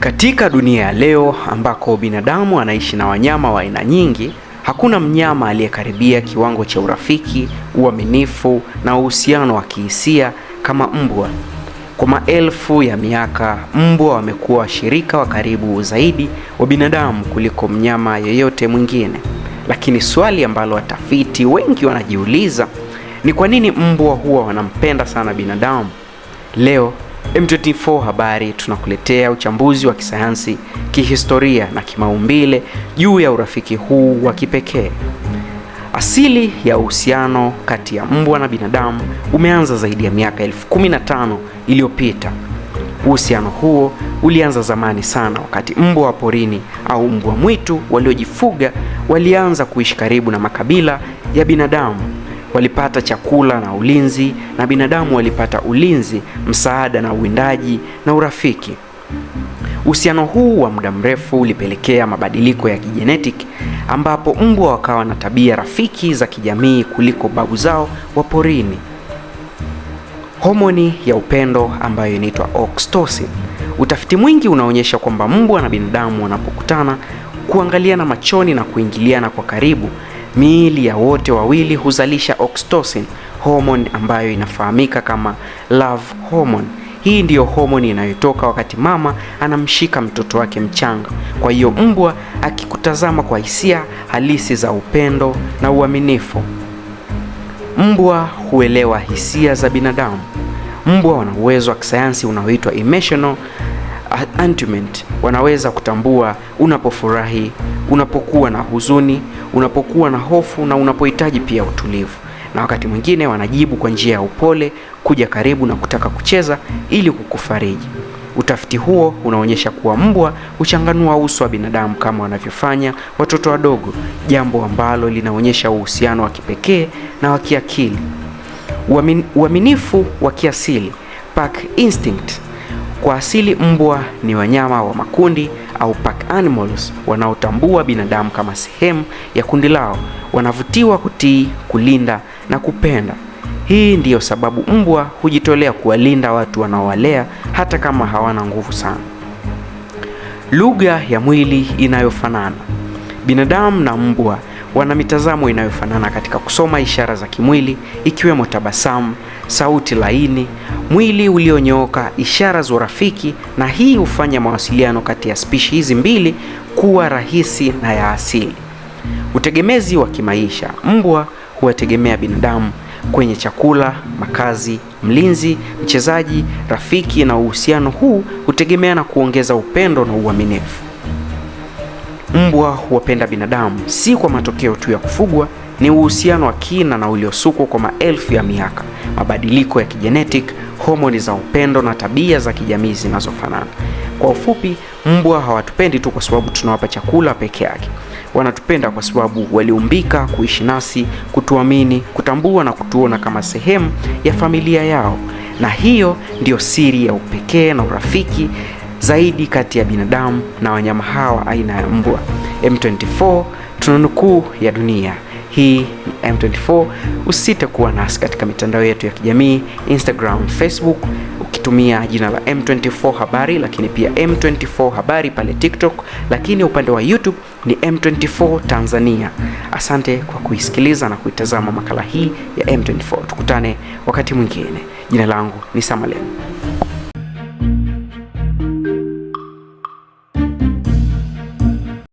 Katika dunia ya leo ambako binadamu anaishi na wanyama wa aina nyingi, hakuna mnyama aliyekaribia kiwango cha urafiki, uaminifu na uhusiano wa kihisia kama mbwa. Kwa maelfu ya miaka, mbwa wamekuwa washirika wa karibu zaidi wa binadamu kuliko mnyama yeyote mwingine. Lakini swali ambalo watafiti wengi wanajiuliza ni kwa nini mbwa huwa wanampenda sana binadamu? Leo M24 Habari tunakuletea uchambuzi wa kisayansi, kihistoria na kimaumbile juu ya urafiki huu wa kipekee. Asili ya uhusiano kati ya mbwa na binadamu umeanza zaidi ya miaka elfu kumi na tano iliyopita. Uhusiano huo ulianza zamani sana, wakati mbwa wa porini au mbwa mwitu waliojifuga walianza kuishi karibu na makabila ya binadamu walipata chakula na ulinzi, na binadamu walipata ulinzi, msaada na uwindaji na urafiki. Uhusiano huu wa muda mrefu ulipelekea mabadiliko ya kijenetiki ambapo mbwa wakawa na tabia rafiki za kijamii kuliko babu zao wa porini. Homoni ya upendo ambayo inaitwa oxytocin. Utafiti mwingi unaonyesha kwamba mbwa na binadamu wanapokutana, kuangaliana machoni na kuingiliana kwa karibu Miili ya wote wawili huzalisha oxytocin, homoni ambayo inafahamika kama love hormone. Hii ndiyo homoni inayotoka wakati mama anamshika mtoto wake mchanga. Kwa hiyo mbwa akikutazama kwa hisia halisi za upendo na uaminifu. Mbwa huelewa hisia za binadamu. Mbwa wana uwezo wa kisayansi unaoitwa emotional antiment wanaweza kutambua unapofurahi, unapokuwa na huzuni, unapokuwa na hofu na unapohitaji pia utulivu. Na wakati mwingine wanajibu kwa njia ya upole, kuja karibu na kutaka kucheza ili kukufariji. Utafiti huo unaonyesha kuwa mbwa huchanganua uso wa binadamu kama wanavyofanya watoto wadogo, jambo ambalo linaonyesha uhusiano wa kipekee na wa kiakili. Uaminifu wa kiasili, pack instinct kwa asili mbwa ni wanyama wa makundi au pack animals wanaotambua binadamu kama sehemu ya kundi lao. Wanavutiwa kutii, kulinda na kupenda. Hii ndiyo sababu mbwa hujitolea kuwalinda watu wanaowalea hata kama hawana nguvu sana. Lugha ya mwili inayofanana. Binadamu na mbwa wana mitazamo inayofanana katika kusoma ishara za kimwili ikiwemo tabasamu, sauti laini, mwili ulionyooka, ishara za urafiki, na hii hufanya mawasiliano kati ya spishi hizi mbili kuwa rahisi na ya asili. Utegemezi wa kimaisha: mbwa huwategemea binadamu kwenye chakula, makazi, mlinzi, mchezaji, rafiki, na uhusiano huu hutegemea na kuongeza upendo na uaminifu. Mbwa huwapenda binadamu si kwa matokeo tu ya kufugwa, ni uhusiano wa kina na uliosukwa kwa maelfu ya miaka, mabadiliko ya kijenetic, homoni za upendo na tabia za kijamii zinazofanana. Kwa ufupi, mbwa hawatupendi tu kwa sababu tunawapa chakula peke yake. Wanatupenda kwa sababu waliumbika kuishi nasi, kutuamini, kutambua na kutuona kama sehemu ya familia yao, na hiyo ndiyo siri ya upekee na urafiki zaidi kati ya binadamu na wanyama hawa aina ya mbwa. M24 tunanukuu ya dunia hii ni M24. Usite kuwa nasi katika mitandao yetu ya kijamii Instagram, Facebook ukitumia jina la M24 Habari, lakini pia M24 Habari pale TikTok, lakini upande wa YouTube ni M24 Tanzania. Asante kwa kuisikiliza na kuitazama makala hii ya M24. Tukutane wakati mwingine. Jina langu ni Samalem.